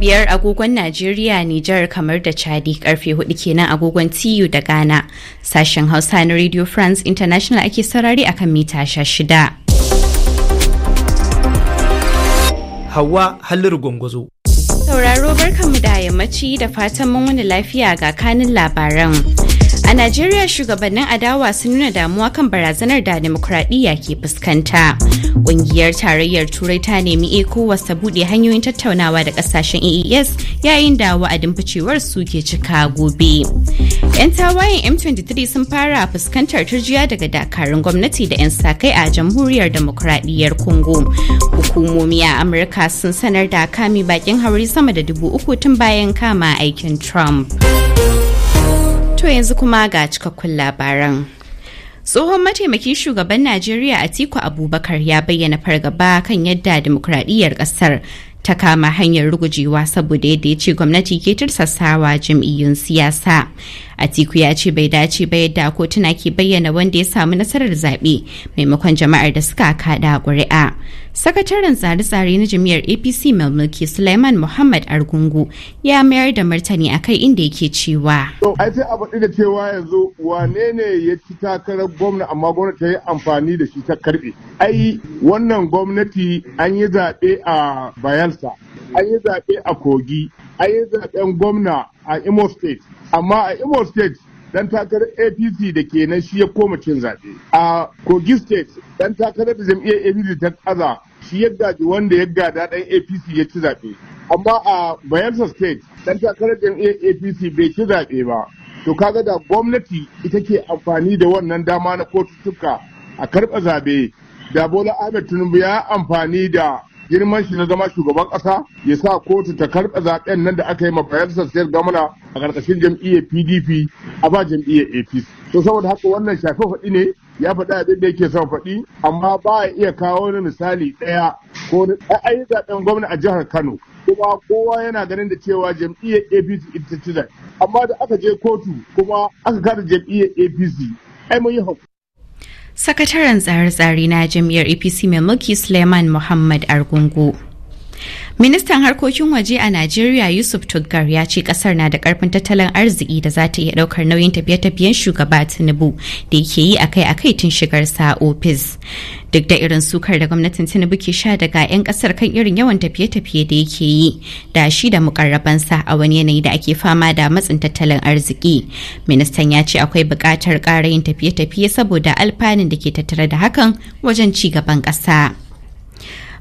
biyar agogon Najeriya, Nijar kamar da Chadi karfe hudu kenan agogon TU da Ghana. Sashen Hausa na Radio France International ake sarari kan mita shida. Hawa Halliru Gwangwazo. Sauraro barkanmu da yammaci da fatan mun wani lafiya ga kanin labaran. A Najeriya shugabannin adawa sun nuna damuwa kan barazanar da demokuraɗiyya ke fuskanta. Ƙungiyar tarayyar Turai ta nemi Eko, ta buɗe hanyoyin tattaunawa da ƙasashen AES e yayin da wa'adin ficewar su ke cika gobe. 'Yan tawayen M23 sun fara fuskantar turjiya daga dakarun gwamnati da 'yan sakai a jamhuriyar demokuraɗiyyar Congo. Hukumomi a Amurka sun sanar da kami bakin hauri sama da dubu uku tun bayan kama aikin Trump. To yanzu kuma ga cikakkun labaran. Tsohon mataimakin shugaban Najeriya Atiku Abubakar ya bayyana fargaba kan yadda dimokuraɗiyyar ƙasar ta kama hanyar rugujewa saboda yadda ya ce gwamnati ke tursasawa jam'iyyun siyasa. Atiku ya ce bai dace ba yadda kotuna ke bayyana wanda ya samu nasarar zaɓe maimakon jama'ar da suka kaɗa ƙuri'a. Sakataren tsare-tsare na jami'ar APC mai mulki Sulaiman Muhammad Argungu ya mayar da martani kai inda yake cewa. Ai sai a faɗi da cewa yanzu wane ne ya ci takarar gwamna amma gwamnati ta yi amfani da shi ta karɓe. Ai wannan gwamnati an yi zaɓe a Bayelsa, an yi zaɓe a Kogi, a yi zaɓen gwamna a Imo State, amma a Imo State dan takarar APC da ke nan shi ya koma cin zaɓe. A Kogi State dan takarar da jam'iyyar APC ta kaza shi ya gaji wanda ya gada dan APC ya ci zaɓe. Amma a Bayelsa State dan takarar jam'iyyar APC bai ci zaɓe ba. To kaga da gwamnati ita ke amfani da wannan dama na kotu a karɓa zaɓe da Bola Ahmed Tinubu ya amfani da girman shi na zama shugaban ƙasa, ya sa kotu ta karɓa zaɓen nan da aka yi ma sassiyar gamana a ƙarƙashin jam'iyyar pdp a ba jam'iyyar apc to saboda haka wannan shafe faɗi ne ya faɗi abin da yake son faɗi amma ba a iya kawo wani misali ɗaya ko ai zaɓen gwamna a jihar kano kuma kowa yana ganin da cewa jam'iyyar apc ita ce amma da aka je kotu kuma aka kada jam'iyyar apc ai mun yi Sakataren tsare-tsare na jam'iyyar APC mai mulki Suleiman Muhammad Argungu Ministan harkokin waje a Najeriya Yusuf Tuggar ya ce kasar na da karfin tattalin arziki da za ta iya daukar nauyin tafiye-tafiyen shugaba Tinubu da yake yi akai-akai tun shigar sa ofis. Duk da irin sukar da gwamnatin Tinubu ke sha daga 'yan kasar kan irin yawan tafiye-tafiye da yake yi da shi da mukarrabansa a wani yanayi da ake fama da matsin tattalin arziki. Ministan ya ce akwai buƙatar ƙara yin tafiye-tafiye saboda alfanun da ke tattare da hakan wajen ci gaban ƙasa.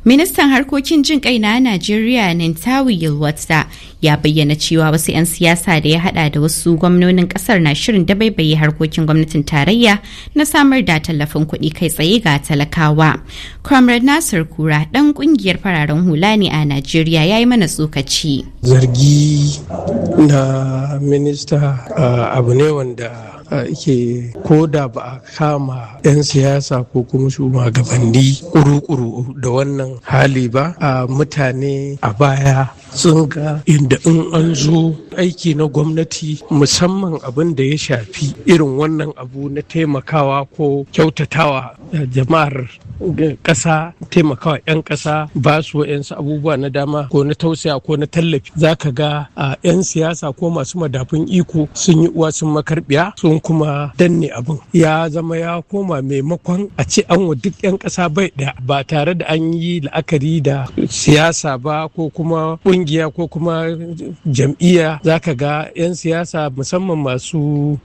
Ministan harkokin jin kai na Najeriya Nintawi Yilwatsa ya bayyana cewa wasu 'yan siyasa da ya hada da wasu gwamnonin kasar na shirin da baibaye harkokin gwamnatin tarayya na samar da tallafin kuɗi kai tsaye ga talakawa. Comrade Nasir Kura ɗan ƙungiyar fararen hula ne a Najeriya ya yi mana tsokaci. Zargi na minista ah, abu ne wanda ke ko da ba a kama 'yan siyasa ko kuma shugabanni kuru-kuru da wannan hali ba a mutane a baya ga inda in an zo aiki na gwamnati musamman abin da ya shafi irin wannan abu na taimakawa ko kyautatawa eh, jama'ar ƙasa taimakawa 'yan ƙasa ba su wa'yansu abubuwa na dama ko na tausaya ko na tallafi za ka ga a 'yan siyasa ko masu madafun iko sun yi uwa sun makarbiya sun kuma danne abin ya zama ya koma maimakon a ce an wa duk 'yan ƙasa bai ɗaya ba tare da an yi la'akari da siyasa ba ko kuma kungiya ko kuma jam'iyya za ka ga 'yan siyasa musamman masu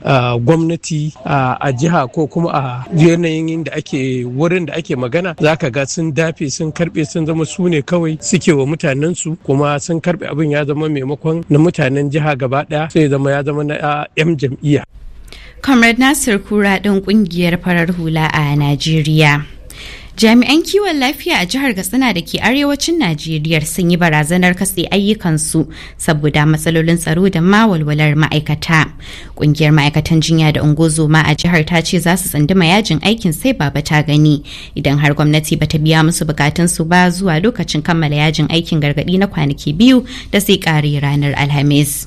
gwamnati a jiha ko kuma a yanayin da ake wurin da ake magana za ka ga sun dafe sun karbe sun zama su ne kawai suke wa mutanensu kuma sun karbe abin ya zama maimakon na mutanen jiha gaba daya sai zama ya zama na 'yan jam'iyya. Comrade Nasir Kura ɗin ƙungiyar farar hula a Najeriya. Jami'an kiwon lafiya a jihar Katsina da ke arewacin Najeriya sun yi barazanar katse ayyukansu saboda matsalolin tsaro da mawalwalar ma'aikata. Kungiyar ma'aikatan jinya da ungozoma a jihar ta ce za su tsanduma yajin aikin sai baba ta gani idan har gwamnati bata biya musu bukatunsu ba zuwa lokacin kammala yajin aikin gargadi na kwanaki biyu da sai kare ranar Alhamis.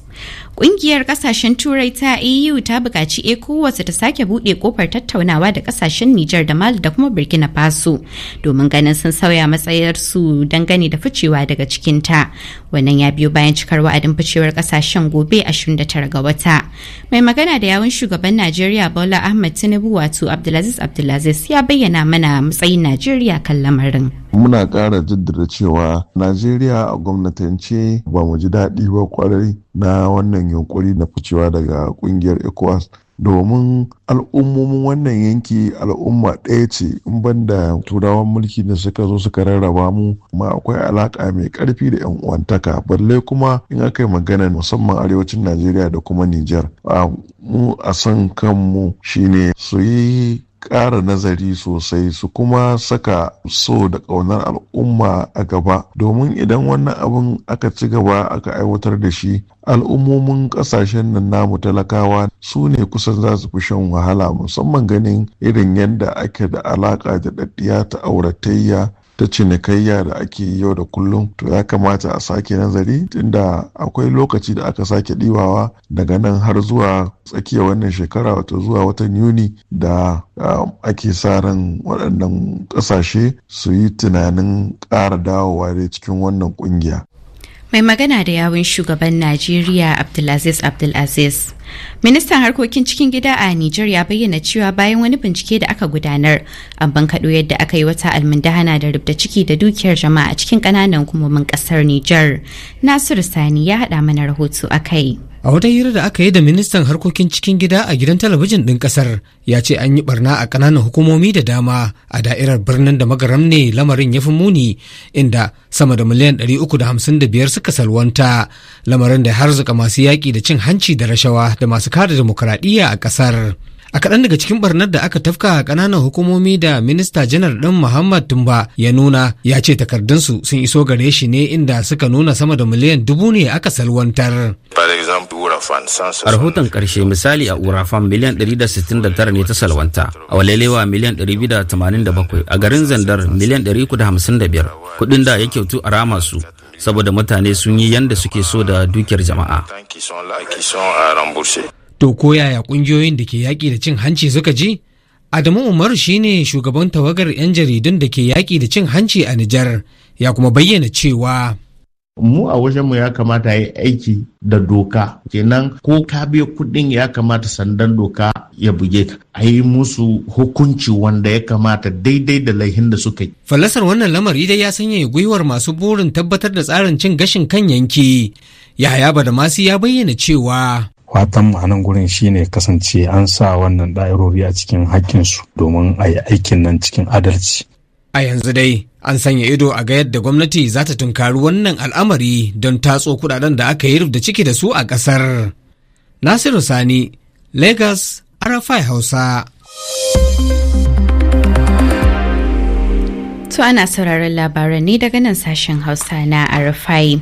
Ƙungiyar ƙasashen Turai ta EU ta buƙaci ECOWAS ta sake buɗe ƙofar tattaunawa da ƙasashen Nijar da Mali da kuma Burkina Faso domin ganin sun sauya matsayarsu dangane da ficewa daga cikinta. wannan ya biyo bayan cikar wa'adin ficewar kasashen gobe 29 ga wata mai magana da yawun shugaban najeriya bola ahmed tinubu wato abdulaziz abdulaziz ya bayyana mana matsayin najeriya kan lamarin muna ƙara jaddada cewa najeriya a gwamnatance ba mu ji daɗi ba kwarai na wannan yunkuri na ficewa daga ƙungiyar ecowas domin al'ummomin wannan yanki al'umma ɗaya ce in banda turawan mulki da suka zo suka rarraba mu ma akwai alaƙa mai ƙarfi da yan uwantaka balle kuma in aka yi magana musamman arewacin najeriya da kuma nijar a mu a san kanmu shine su yi ƙara nazari sosai su kuma saka so da ƙaunar al'umma a gaba domin idan wannan abin aka ci gaba aka aiwatar da shi al'ummomin ƙasashen nan namu talakawa su ne kusan za su fi shan wahala musamman ganin irin yadda ake da alaƙa da ɗaɗɗiya ta auratayya ta cinikayya da ake yi yau da kullum to ya kamata a sake nazari tunda akwai lokaci da aka sake ɗiwawa daga nan har zuwa tsakiyar wannan shekara wato zuwa watan yuni da um, ake sa ran waɗannan ƙasashe su yi tunanin ƙara dawowa dai cikin wannan ƙungiya. mai magana da yawun shugaban najeriya abdulaziz abdulaziz Ministan harkokin cikin gida a Nijar ya bayyana cewa bayan wani bincike da aka gudanar an bankaɗo yadda aka yi wata almundahana da rubda ciki da dukiyar jama'a a cikin ƙananan hukumomin ƙasar Nijar. Nasiru Sani ya haɗa mana rahoto a kai. A wata hira da aka yi da ministan harkokin cikin gida a gidan talabijin ɗin ƙasar ya ce an yi barna a ƙananan hukumomi da dama a da'irar birnin da magaram ne lamarin ya fi muni inda sama da miliyan 355 suka salwanta lamarin da harzuka masu yaƙi da cin hanci da rashawa da masu kare demokuraɗiyya a ƙasar. A kaɗan daga cikin barnar da aka tafka a ƙananan hukumomi da minista janar ɗin Muhammad Tumba ya nuna ya ce takardunsu sun iso gare shi ne inda suka nuna sama da miliyan dubu ne aka salwantar. A rahoton ƙarshe misali a Urafan miliyan 169 ne ta salwanta, a Walelewa miliyan 287, a garin Zandar miliyan 155 kuɗin da ya kyautu a rama su saboda mutane sun yi yanda suke so da dukiyar jama'a to ko yaya kungiyoyin da ke yaƙi da cin hanci suka ji Adamu Umar shine shugaban tawagar 'yan jaridun da ke yaƙi da cin hanci a Nijar ya kuma bayyana cewa mu a wajenmu ya kamata ya aiki da doka kenan ko ka biya kudin ya kamata sandan doka ya buge ka a yi musu hukunci wanda ya kamata daidai da laihin da suka yi. Falasar wannan lamari dai ya sanya gwiwar masu burin tabbatar da tsarin cin gashin kan yanki. Yahaya masu ya bayyana cewa fatan a nan gurin shine kasance an sa wannan da'irori a cikin hakkinsu domin a yi aikin nan cikin adalci a yanzu dai an sanya ido a ga yadda gwamnati za ta tunkari wannan al'amari don tatso kudaden da aka yi da ciki da su a ƙasar. nasiru sani lagos arafai hausa To ana sauraron labaran ne daga nan sashen Hausa na Arafai.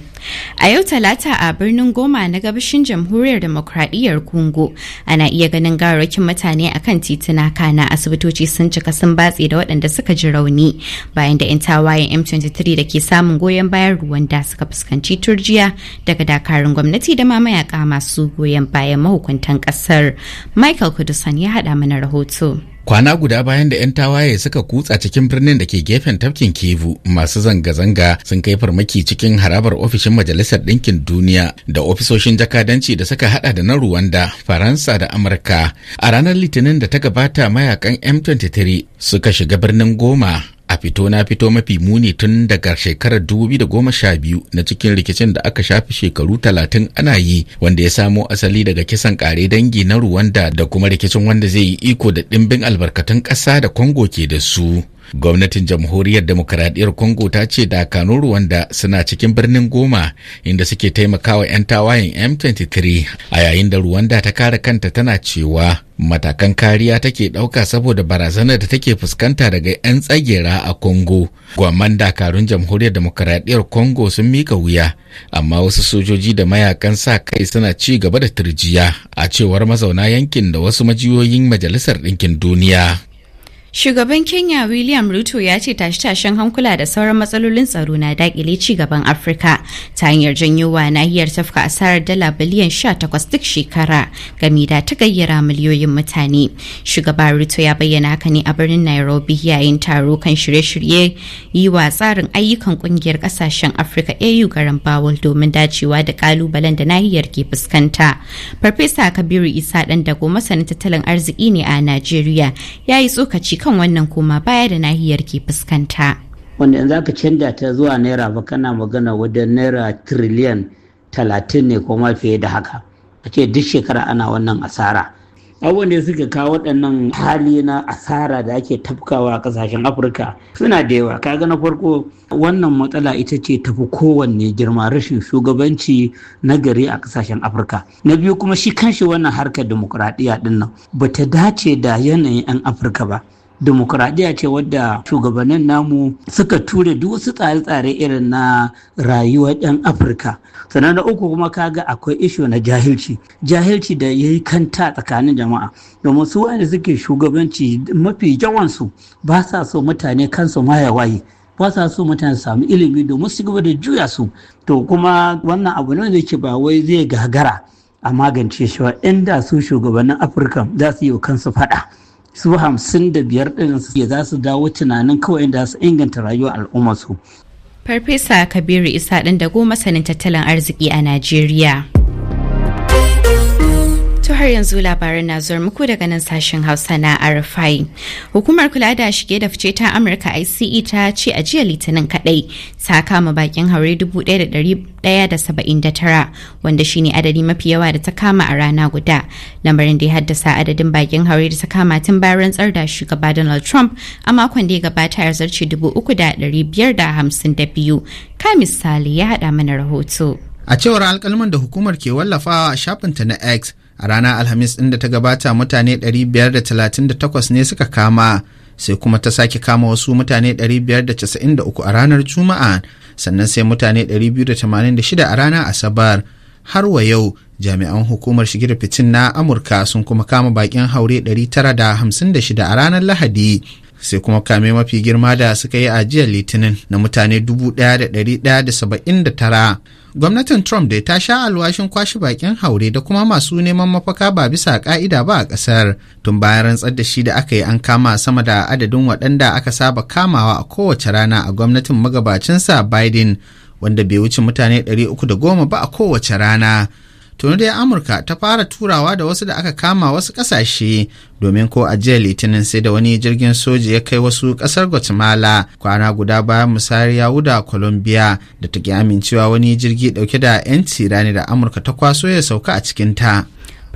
A yau talata a birnin Goma na gabashin jamhuriyar demokradiyyar Congo ana iya ganin gawarwakin mutane a kan tituna kana asibitoci sun cika sun batse da waɗanda suka ji rauni bayan da 'yan tawayen M23 da ke samun goyon bayan Ruwanda suka fuskanci turjiya daga dakarun gwamnati da ma mayaka masu goyon bayan mahukuntan ƙasar. Michael Kudusan ya haɗa mana rahoto. kwana guda bayan da 'yan tawaye suka kutsa cikin birnin da ke gefen tafkin Kivu, masu zanga-zanga sun kai farmaki cikin harabar ofishin majalisar ɗinkin duniya da ofisoshin jakadanci da suka hada da na ruwanda faransa da amurka a ranar litinin da ta gabata mayakan m23 suka shiga birnin goma a fito na fito mafi muni tun daga shekarar 2012 na cikin rikicin da aka shafi shekaru 30 ana yi wanda ya samo asali daga kisan kare dangi na Ruwanda da kuma rikicin wanda zai yi iko da ɗimbin albarkatun ƙasa da Kongo ke da su. Gwamnatin Jamhuriyar Demokaradiyyar Congo ta ce dakarun ruwanda suna cikin birnin Goma inda suke taimakawa 'yan tawayen M23 a yayin da ruwanda ta kare kanta tana cewa matakan kariya take ɗauka saboda barazanar da take fuskanta daga 'yan tsagera a Congo. Gwamman dakarun Jamhuriyar Demokaradiyyar Congo sun mika wuya amma wasu sojoji da mayakan sa kai suna ci gaba da turjiya a cewar mazauna yankin da wasu majiyoyin Majalisar Ɗinkin Duniya. Shugaban Kenya William Ruto ya ce tashe-tashen hankula da sauran matsalolin tsaro na dakile ci gaban Afirka ta hanyar janyowa nahiyar tafka asarar dala biliyan 18 duk shekara gami da ta gayyara miliyoyin mutane. shugaban Ruto ya bayyana haka ne a birnin Nairobi yayin taro kan shirye-shirye yi wa tsarin ayyukan kungiyar kasashen Afirka AU garan Bawul domin dacewa da kalubalen da nahiyar ke fuskanta. Farfesa Kabiru Isa dan dago masanin tattalin arziki ne a Najeriya ya yi tsokaci dukkan wannan koma baya da nahiyar ke fuskanta. Wanda yanzu aka canja ta zuwa naira ba kana magana wajen naira tiriliyan talatin ne ko ma fiye da haka. A ce duk shekara ana wannan asara. abubuwan da suka kawo waɗannan hali na asara da ake tafkawa a ƙasashen afirka suna da yawa kaga na farko wannan matsala ita ce tafi kowanne girma rashin shugabanci na gari a ƙasashen afirka na biyu kuma shi kanshi wannan harkar demokuraɗiyya ɗin nan ba ta dace da yanayin 'yan afirka ba demokuraɗiyya ce wadda shugabannin namu suka ture duk wasu tsare-tsare irin na rayuwar 'yan afirka sannan na uku kuma kaga akwai isho na jahilci jahilci da ya yi kanta tsakanin jama'a domin su wanda suke shugabanci mafi yawansu ba sa so mutane kansu ma ya waye ba sa so mutane samu ilimi domin su gaba da juya su to kuma wannan abu ne da ke ba wai zai gagara a magance shi inda su shugabannin afirka za su yi wa kansu faɗa su hamsin da biyar ɗin su za su dawo tunanin kawai da su inganta rayuwar al'ummarsu. Farfesa Kabiru Isa ɗin da goma masanin tattalin arziki a Najeriya. har yanzu labaran na zuwa muku daga nan sashen Hausa na RFI. Hukumar kula da shige da fice ta Amurka ICE ta ce a jiya Litinin kadai ta kama bakin haure 1,179 wanda shine adadi mafi yawa da ta kama a rana guda. Lamarin da ya haddasa adadin bakin haure da ta kama tun bayan rantsar da shugaba Donald Trump a makon da ya gabata ya zarce 3,552. Ka misali ya hada mana rahoto. a cewar alkalman da hukumar ke wallafa a shafinta na x a ranar alhamis ɗin da ta gabata mutane 538 ne suka kama sai kuma ta sake kama wasu mutane 593 a ranar juma'a sannan sai mutane 286 a ranar asabar har wa yau jami'an hukumar shige fitin na amurka sun kuma kama bakin haure 956 a ranar lahadi sai kuma kame mafi girma da suka yi a jiya litinin na mutane 1,179 gwamnatin trump da ta sha alwashin kwashe bakin haure da kuma masu neman mafaka ba bisa ka'ida ba a kasar tun bayan rantsar da shi da aka yi an kama sama da adadin waɗanda aka saba kamawa a kowace rana a gwamnatin magabacinsa biden wanda bai wuce mutane 310 ba a kowace rana tuni dai amurka ta fara turawa da wasu da aka kama wasu kasashe domin ko a jiya litinin sai da wani jirgin soja ya kai wasu kasar guatemala kwana guda bayan musayar Yahuda colombia da ta amincewa wani jirgi dauke da 'yanci rani da amurka ta kwaso ya sauka a cikinta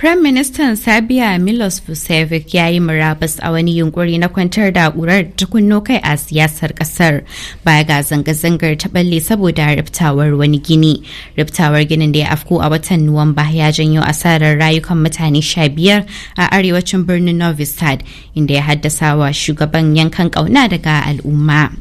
Prime Minister sabia Milos Vucevic ya yi murabus a wani yunkuri na kwantar da ƙurar tukunno kai a siyasar ƙasar baya ga zanga-zangar ta balle saboda riftawar wani gini. Riftawar ginin da ya afku a watan Nuwamba ya janyo asarar rayukan mutane sha biyar a arewacin birnin Novi Sad inda ya haddasa wa shugaban yankan ƙauna daga al'umma.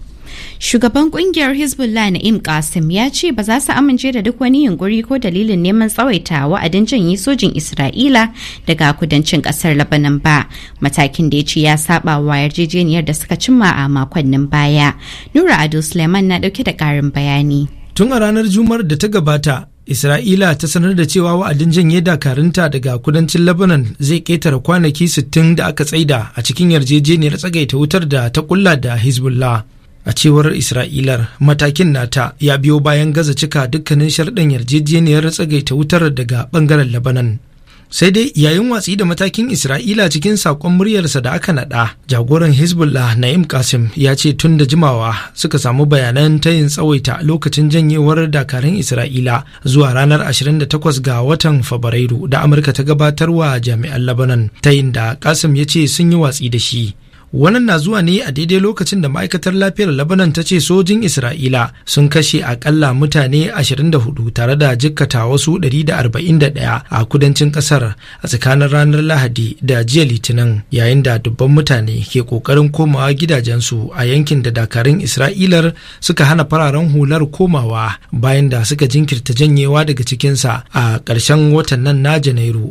Shugaban kungiyar Hezbollah na Qasim ya ce ba za su amince da duk wani yunkuri ko dalilin neman tsawaita wa'adin janye sojin Isra'ila daga kudancin kasar Lebanon ba. Matakin da ya ce ya saba wa yarjejeniyar da suka cimma a makonnin baya. Nura Ado Suleiman na dauke da karin bayani. Tun a ranar Juma'ar da ta gabata, Isra'ila ta sanar da cewa wa'adin janye dakarunta daga kudancin Lebanon zai ketare kwanaki 60 da aka tsaida a cikin yarjejeniyar tsagaita wutar da ta kulla da Hezbollah. a cewar isra'ilar matakin nata ya biyo bayan gaza cika dukkanin sharɗin yarjejeniyar tsagaita wutar daga bangaren labanan sai dai yayin watsi da matakin isra'ila cikin saƙon muryarsa da aka naɗa jagoran hezbollah na'im kasim ya ce tun da jimawa suka samu bayanan tayin tsawaita lokacin janyewar dakarun isra'ila zuwa ranar 28 ga watan fabrairu da amurka ta gabatarwa jami'an labanan tayin da kasim ya ce sun yi watsi da shi wannan na zuwa ne a daidai lokacin da ma'aikatar lafiyar labanan ta ce sojin isra'ila sun kashe akalla mutane 24 tare da jikkata wasu 141 a kudancin kasar a tsakanin ranar lahadi da jiya litinin yayin da dubban mutane ke kokarin komawa gidajensu a yankin da dakarun isra'ilar suka hana fararen hular komawa bayan da suka jinkirta janyewa daga cikinsa a ƙarshen watan nan na janairu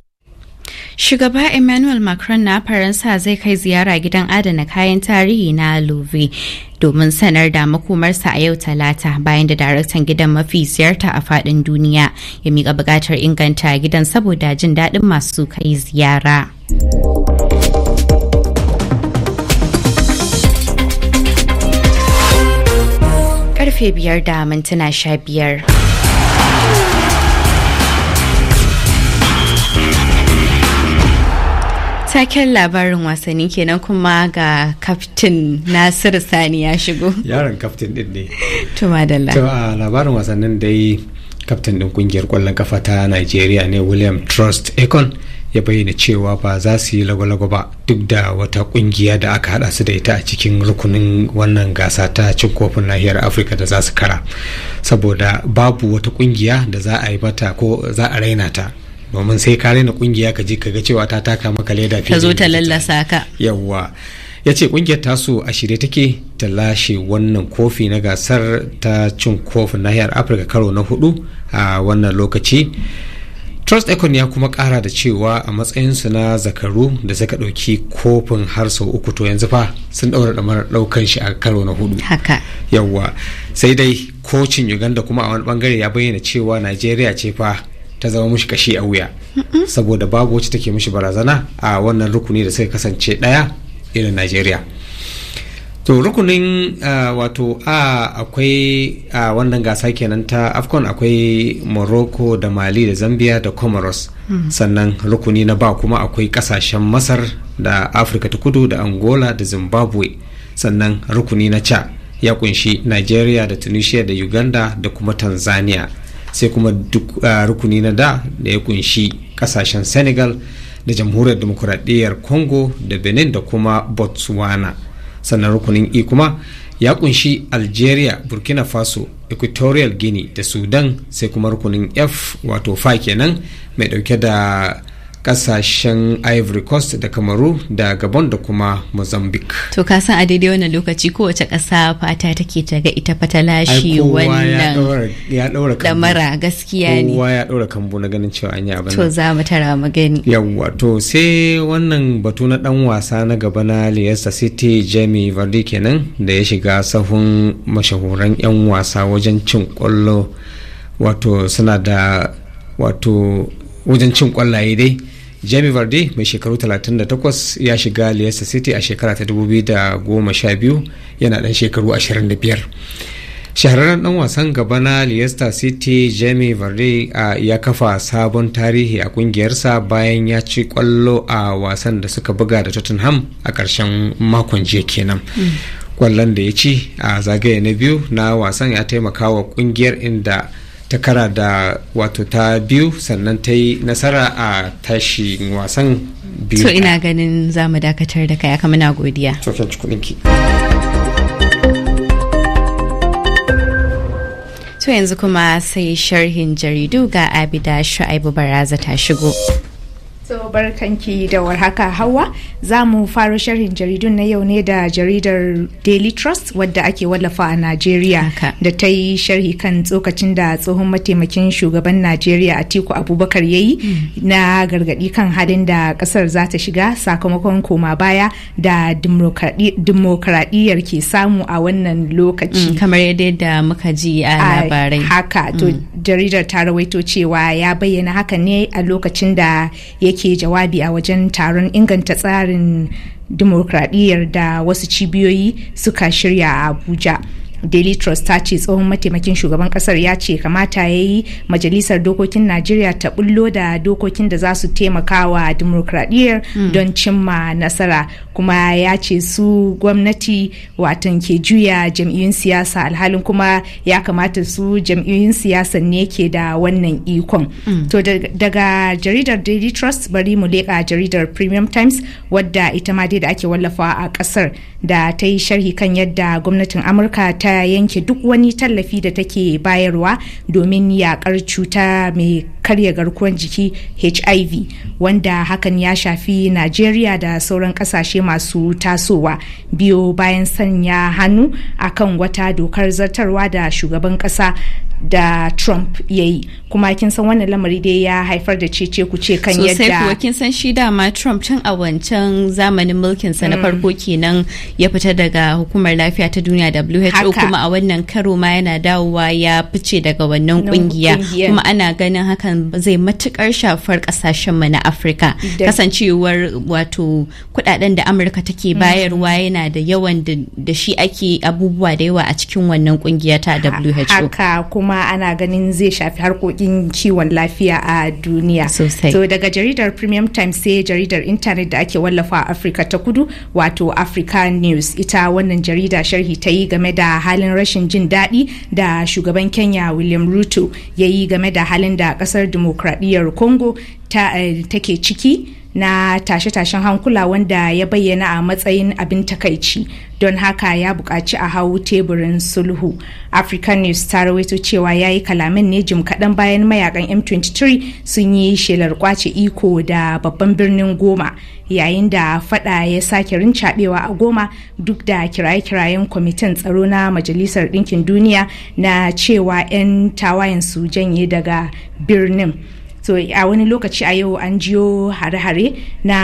Shugaba Emmanuel Macron na Faransa zai kai ziyara gidan adana kayan tarihi na Louvre domin sanar da makomarsa a yau talata bayan da daraktan gidan mafi ziyarta a fadin duniya ya miƙa buƙatar inganta gidan saboda jin daɗin masu kai ziyara. Karfe biyar da mintuna sha biyar. saken labarin wasanni kenan kuma ga kaftin Nasir Sani ya shigo. Yaron kaftin din ne. Tuma da labarin wasannin dai kaftin din kungiyar kwallon kafa ta Najeriya ne William Trust econ ya bayyana cewa ba za su yi lagwalago ba duk da wata kungiya da aka hada su da ita a cikin rukunin wannan gasa ta cin kofin nahiyar afirka da za su kara saboda babu wata kungiya da za a yi bata ko za a raina ta domin sai ka raina kungiya ka je ka ga cewa ta taka maka leda ta zo ta lallasa ka yawwa ya ce kungiyar tasu a shirye take ta lashe wannan kofi na gasar ta cin kofin nahiyar afirka karo na hudu a wannan lokaci trust econ ya kuma kara da cewa a matsayinsu na zakaru da suka ɗauki kofin har sau uku to yanzu fa sun ɗaura mara ɗaukan shi a karo na hudu haka yawwa sai dai kocin uganda kuma a wani bangare ya bayyana cewa nigeria ce fa ta zama mushi kashi a wuya saboda babu wacce take mushi barazana a wannan rukuni da suka kasance daya irin najeriya to rukunin wato a akwai a wannan gasa kenan ta afcon akwai morocco da mali da zambia da comoros sannan rukuni na ba kuma akwai kasashen masar da afirka ta kudu da angola da zimbabwe sannan rukuni na ca ya kunshi nigeria da tunisia da uganda da kuma tanzania sai kuma duk ah, rukuni na da da ya kunshi kasashen senegal da jamhuriyar demokuraɗiyyar congo da benin da kuma botswana sannan rukunin e kuma ya kunshi algeria burkina faso equatorial guinea da sudan sai kuma rukunin f wato fa kenan mai dauke da kasashen ivory coast da kamaru da gabon da kuma mozambique to ka san a daidai wannan lokaci kowace ƙasa fata take ta ga ita fatalashi wannan damara gaskiya ne kowa ya ɗaura kambu na ganin cewa an yi abin to za mu tara mu gani yawwa to sai wannan batu na dan wasa na gaba na leicester city jamie vardy kenan da ya shiga sahun mashahuran 'yan wasa wajen cin kwallo wato suna da wato wajen cin kwallaye dai jamie vardy mai shekaru 38 ya shiga leicester city a shekara ta 2012 yana dan shekaru 25 shahararren dan wasan gaba na leicester city jamie vardy ya kafa sabon tarihi a kungiyarsa bayan ya ci kwallo a wasan da suka buga da tottenham a ƙarshen makon jiya kenan kwallon mm. da ya ci a zagaye na biyu na wasan ya taimaka wa kungiyar inda ta kara da wato ta biyu sannan ta yi nasara a tashin wasan biyu to ina ganin za mu dakatar da kai aka muna godiya to to yanzu kuma sai sharhin jaridu ga abida shu'aibu baraza ta shigo So barkanki da warhaka Hauwa za mu fara sharhin jaridun na yau ne da jaridar Daily Trust wadda ake wallafa a Najeriya da ta yi sharhi kan tsokacin da tsohon mataimakin shugaban Najeriya Atiku Abubakar ya yi mm. na gargadi kan halin da kasar za ta shiga sakamakon koma baya da dimokraɗiyyar ke samu a wannan lokaci. Mm, kamar yadda muka ji a labarai. Haka to mm. jaridar ta rawaito cewa ya bayyana haka ne a lokacin da yake jawabi a wajen taron inganta tsarin dimokuraɗiyyar da wasu cibiyoyi suka shirya a abuja daily trust ta ce tsohon mataimakin shugaban kasar ya ce kamata ya yi majalisar dokokin najeriya ta bullo da dokokin da za su taimakawa dimokuraɗiyyar hmm. don cimma nasara kuma ya ce su gwamnati watan ke juya jam'iyyun siyasa alhalin kuma ya kamata su jam'iyyun siyasa ne ke da wannan ikon hmm. to daga jaridar daily trust bari mu leƙa jaridar premium times wadda ita ma dai da ake wallafa a kasar da ta yi sharhi kan yadda gwamnatin amurka ta ta yanke duk wani tallafi da take bayarwa domin yakar cuta mai karya garkuwar jiki hiv wanda hakan ya shafi najeriya da sauran kasashe masu tasowa biyo bayan sanya hannu akan wata dokar zartarwa da shugaban kasa da Trump ya yi kuma kin san wannan lamari dai ya haifar da cece ku ce kan yadda sosai kuwa kin san shi dama Trump can a wancan zamanin mulkin sa na mm. farko kenan ya fita daga hukumar lafiya ta duniya WHO kuma a wannan karo ma yana dawowa ya fice daga wannan kungiya kuma ana ganin hakan zai matukar shafar kasashen mu na Afirka kasancewar wato kudaden da Amurka take mm. bayarwa yana da yawan da shi ake abubuwa da yawa a cikin wannan kungiya ta WHO kuma ana ganin zai shafi harkokin kiwon lafiya a duniya sosai so daga jaridar premium times sai jaridar intanet da ake wallafa a afirka ta kudu wato africa news ita wannan jarida sharhi ta yi game da halin rashin jin daɗi da shugaban kenya william ruto ya yi game da halin da ƙasar dimokuraɗiyyar congo eh, take ciki na tashe-tashen hankula wanda ya bayyana a matsayin abin takaici don haka ya buƙaci a hau teburin sulhu african news ta rawaito cewa ya yi kalamin ne jim kaɗan bayan mayakan m23 sun yi shelar kwace iko da babban birnin goma yayin da fada ya sake rincaɓewa a goma duk da kiraye-kirayen kwamitin tsaro na majalisar ɗinkin duniya na cewa 'yan tawayen su janye daga birnin so a wani lokaci a yau an jiyo hare-hare na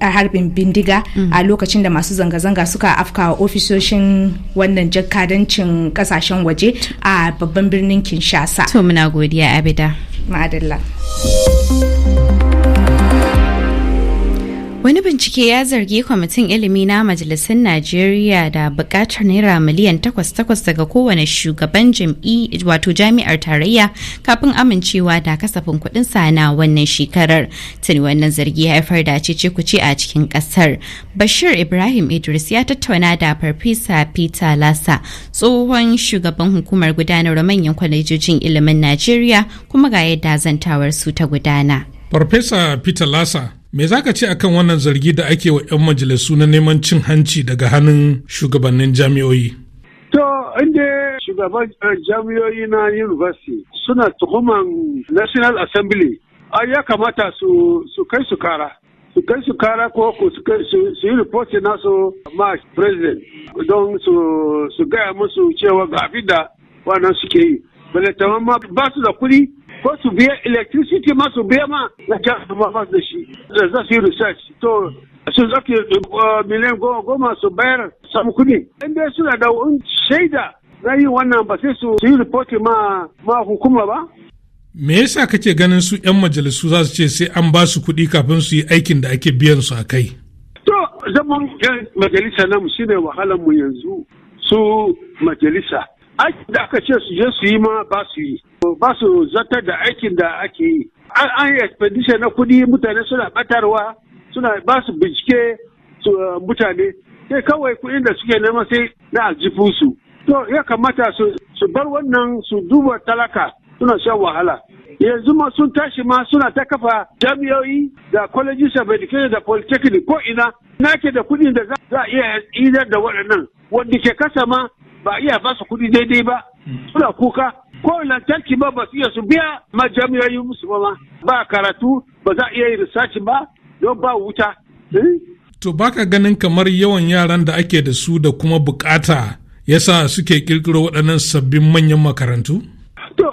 harbin bindiga mm. a lokacin da masu zanga-zanga suka afka ofisoshin wannan jakadancin kasashen waje a babban birnin kinshasa to muna godiya abida ma'adalla Wani bincike ya zargi kwamitin ilimi na Majalisar Najeriya da bukatar naira miliyan takwas takwas daga kowane shugaban jam'i wato jami'ar tarayya kafin amincewa da kasafin kuɗin sa na wannan shekarar. Tuni wannan zargi haifar da cece kuce a cikin ƙasar. Bashir Ibrahim Idris ya tattauna da Farfesa Peter Lasa tsohon shugaban hukumar gudanar manyan kwalejojin ilimin Najeriya kuma ga yadda zantawar su ta gudana. Farfesa Peter Lasa Me za ka ce akan wannan zargi da ake wa 'yan majalisu na neman cin hanci daga hannun shugabannin jami'oyi? To, inda shugaban eh, jami'oyi na university suna tuhuman National Assembly, ai ya kamata su, su kai su kara. Su kai su kara ko su, yi report nasu ma president don su, su gaya musu cewa ga abin da wannan suke yi. balattawan ma ba su da kuɗi ko su biya electricity ma su biya ma na jihar ma ba su da shi da za su yi research to sun zafi uh, miliyan goma goma su bayar samu kuɗi in dai suna da shaida na yi wannan ba sai su yi report ma ma hukuma ba me yasa kake ganin su 'yan majalisu za su ce sai an ba su kuɗi kafin su yi aikin da ake biyan su a kai to zaman majalisa namu shine wahalar mu yanzu su majalisa aiki da aka ce su je su yi ma ba su yi ba su zartar da aikin da ake yi an yi expedition na kudi mutane suna batarwa suna ba su bincike eh, mutane sai kawai kudin da suke nema sai na su. to ya kamata su bar wannan su duba talaka suna shan wahala yanzu ma sun tashi ma suna ta kafa jami'o'i da colleges of education da polytechnic ko ina na ke da kudin da za a iya idar da waɗannan wanda ke kasa ma ba iya ba su kuɗi daidai ba hmm. suna kuka ko lantarki ba ba su iya su biya ma musu ba ba karatu ba za a iya yin research ba don ba wuta. Eh? To baka ganin kamar yawan yaran da ake da su da kuma bukata yasa suke kirkiro waɗannan sabbin manyan makarantu? To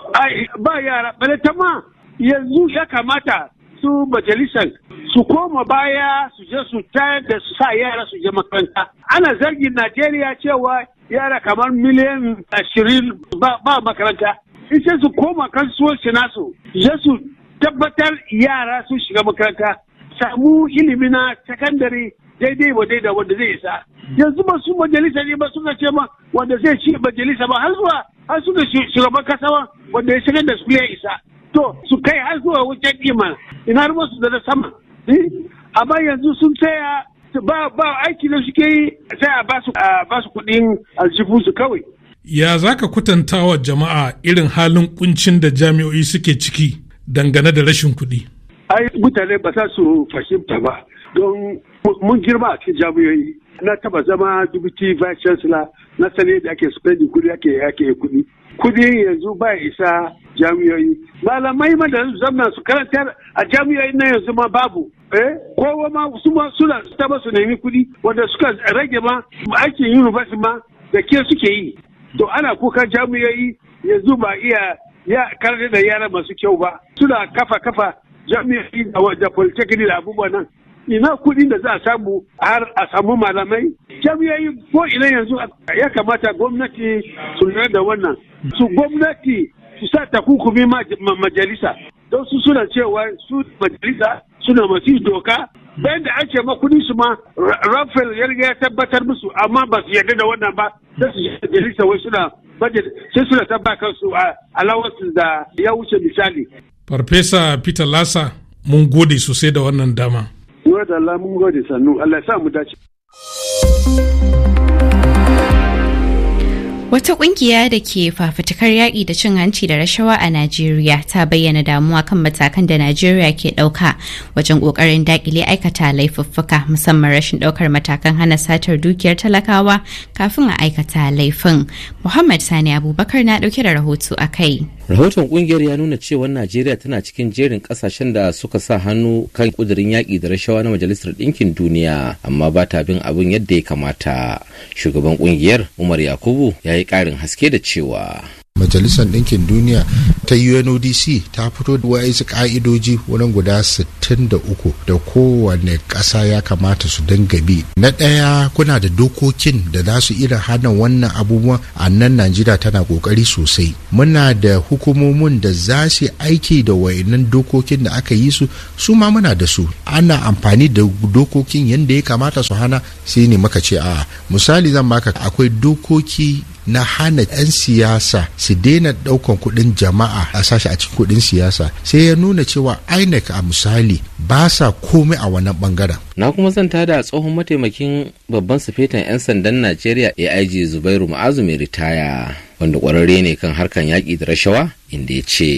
ba yara ta ma yanzu ya kamata su majalisar su koma baya su je su tayar da su sa yara su je makaranta. Ana zargin Najeriya cewa yara kamar miliyan ashirin ba makaranta in sai su koma kasuwanci nasu sai su tabbatar yara sun shiga makaranta samu ilimi na sakandare daidai wa daidai wanda zai isa yanzu ba su majalisa ne ba suka ce ma wanda zai ci majalisa ba har zuwa har su shugaban kasa ba wanda ya shiga da su ya isa to su kai har zuwa wajen iman ina ruwan su da sama eh, amma yanzu sun tsaya ba ba aiki da suke yi sai a ba su kuɗin su kawai. Ya za ka kutanta wa jama'a irin halin kuncin da jami'o'i suke ciki dangane da rashin kuɗi? Ai mutane ba za su fahimta ba don mun girma a cikin jami'o'i. Na taba zama dubiti vice chancellor na sani da ake spendi kuɗi ake ake kuɗi. Kuɗi yanzu ba isa jami'o'i. Malamai ma da zamna su karanta a jami'o'i na yanzu ma babu. Eh? kowa ma su ma suna ta ba su nemi kuɗi wanda suka rage ma aikin university ma da ke suke yi to ana kuka jami'ai yanzu ba iya ya karni da yara masu kyau ba suna kafa kafa jami'ai da polytechnic da abubuwa nan ina kuɗin da za a samu har a samu malamai jami'ai ko ina yanzu ya kamata gwamnati su lura da wannan su gwamnati su sa takunkumi ma majalisa don su suna cewa su majalisa suna masu doka bayan da ake ma su ma rafael ya riga tabbatar musu amma ba su yarda da wannan ba sai su jirisa wai suna budget sai suna tabbatar su a alawansu da ya wuce misali. farfesa peter lasa mun gode sosai da wannan dama. Yau mun gode sannu Allah ya sa mu Wata kungiya da ke fafutukar yaƙi da cin hanci da rashawa a Najeriya ta bayyana damuwa kan matakan da Najeriya ke ɗauka wajen ƙoƙarin daƙile aikata laifuffuka musamman rashin ɗaukar matakan hana satar dukiyar talakawa kafin a aikata laifin. Muhammad Sani Abubakar na ɗauke da rahoto a kai. rahoton kungiyar ya nuna cewa najeriya tana cikin jerin kasashen da suka sa hannu kan kudirin yaƙi da rashawa na majalisar ɗinkin duniya amma ba ta bin abin yadda ya kamata shugaban kungiyar umar yakubu ya yi ƙarin haske da cewa majalisar ɗinkin duniya ta unodc ta fito da wa'insu ƙa'idoji wurin guda 63 da kowane ƙasa ya kamata su dinga bi na ɗaya kuna da dokokin da za su iya hana wannan abubuwan a nan najeriya tana ƙoƙari sosai muna da hukumomin da za su aiki da wa'innan dokokin da aka yi su su ma muna da su ana amfani da dokokin yadda ya kamata su hana sai ne maka ce a'a. misali zan baka akwai dokoki na hana 'yan siyasa su daina daukan kuɗin jama'a a sashi a cikin kuɗin siyasa sai ya nuna cewa inec a misali ba sa komai a wannan bangaren na kuma zan tada tsohon mataimakin babban sufetan 'yan sandan najeriya aig zubairu ma'azu mai ritaya wanda kwararre ne kan harkan yaƙi da rashawa inda ya ce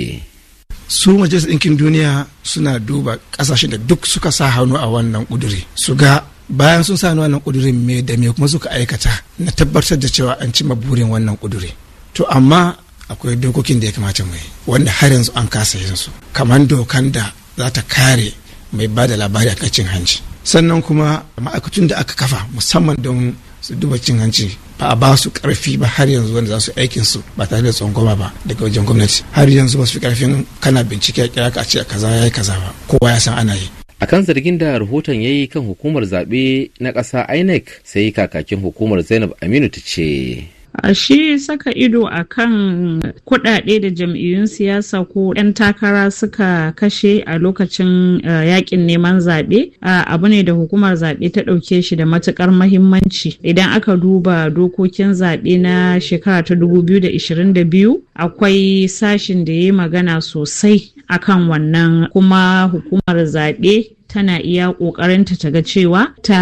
su majalisar ɗinkin duniya suna duba ƙasashen da duk suka sa hannu a wannan ƙuduri su ga bayan sun sani wannan kudurin me da me kuma suka aikata na tabbatar da cewa an cima burin wannan kuduri to amma akwai dokokin da ya kamata mu yi wanda har yanzu an kasa yin su kamar dokan da za ta kare mai ba da labari a cin hanci sannan kuma ma'aikatun da aka kafa musamman don su duba cin hanci ba a ba su karfi ba har yanzu wanda za su aikin su ba tare da tsangwama ba daga wajen gwamnati har yanzu ba su fi karfin kana bincike a kira ka ce kaza ya yi kaza ba kowa ya san ana yi akan zargin da rahoton ya yi kan hukumar zaɓe na ƙasa inec sai kakakin hukumar zainab aminu ta ce a shi saka ido a kan kuɗaɗe da jam'iyyun siyasa ko 'yan takara suka kashe a lokacin eh, yakin neman zaɓe abu ne da hukumar zaɓe ta ɗauke shi da matuƙar mahimmanci idan aka duba dokokin zaɓe na shekara ta 2022 akwai sashin da ya yi magana sosai akan wannan kuma hukumar zaɓe tana iya ƙoƙarinta ta ga cewa ta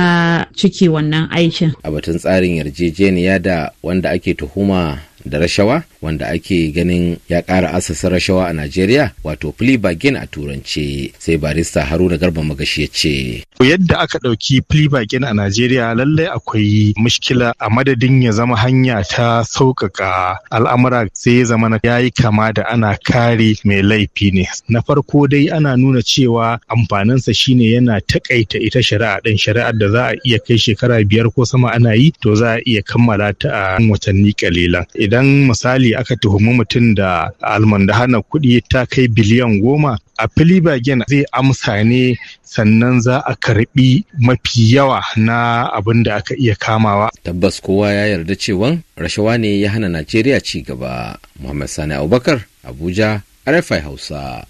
cike wannan aikin. A batun tsarin yarjejeniya da wanda ake tuhuma da rashawa wanda ake ganin ya ƙara asasa rashawa a Najeriya wato plea bargain a turance sai barista Haruna Garba Magashi ya ce. Yadda aka ɗauki plea bargain a Najeriya lallai akwai mushkila a madadin ya zama hanya ta sauƙaƙa al'amura sai ya zama ya yi kama da ana kare mai laifi ne. Na farko dai ana nuna cewa amfaninsa shine yana taƙaita ita shari'a ɗin shari'ar da za a iya kai shekara biyar ko sama ana yi to za a iya kammala ta a watanni kalilan. idan misali aka tuhumi mutum da almandahana kuɗi ta kai biliyan goma a fili bagen zai amsa ne sannan za a karbi mafi yawa na abin da aka iya kamawa. Tabbas kowa ya yarda cewa rashawa ne ya hana Najeriya ci gaba. Muhammad Sani Abubakar, Abuja, RFI Hausa.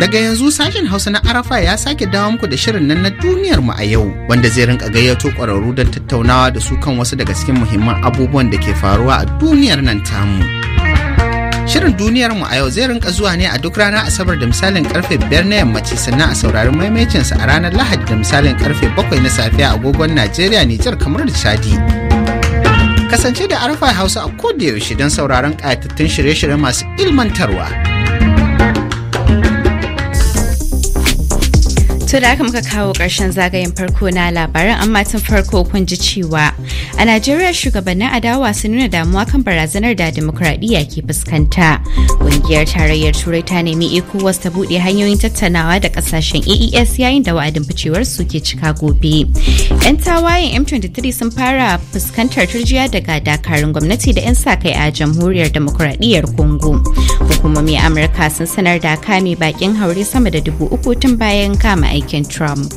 Daga yanzu sashen Hausa na Arafa ya sake dawo muku da shirin nan na duniyar mu a yau wanda zai rinka gayyato ƙwararru don tattaunawa da su kan wasu daga cikin muhimman abubuwan da ke faruwa a duniyar nan tamu. Shirin duniyar mu a yau zai rinka zuwa ne a duk ranar Asabar da misalin karfe biyar na yammaci sannan a saurari sa a ranar Lahadi da misalin karfe bakwai na safiya agogon Najeriya, Nijar, kamar da Chadi. kasance da arafa hausa a koda yaushe don sauraron ƙayatattun shirye-shirye masu ilmantarwa To da aka muka kawo ƙarshen zagayen farko na labaran amma tun farko kun ji cewa A Najeriya shugabannin adawa sun nuna damuwa kan barazanar da demokradiyya ke fuskanta. Ƙungiyar tarayyar Turai ta nemi ECOWAS ta bude hanyoyin tattaunawa da kasashen AES yayin da wa'adin ficewar su ke cika gobe. 'Yan tawayen M23 sun fara fuskantar turjiya daga dakarun gwamnati da 'yan sa kai a jamhuriyar demokradiyyar Congo. Hukumomi Amurka sun sanar da kame bakin haure sama da dubu uku tun bayan kama aikin Trump.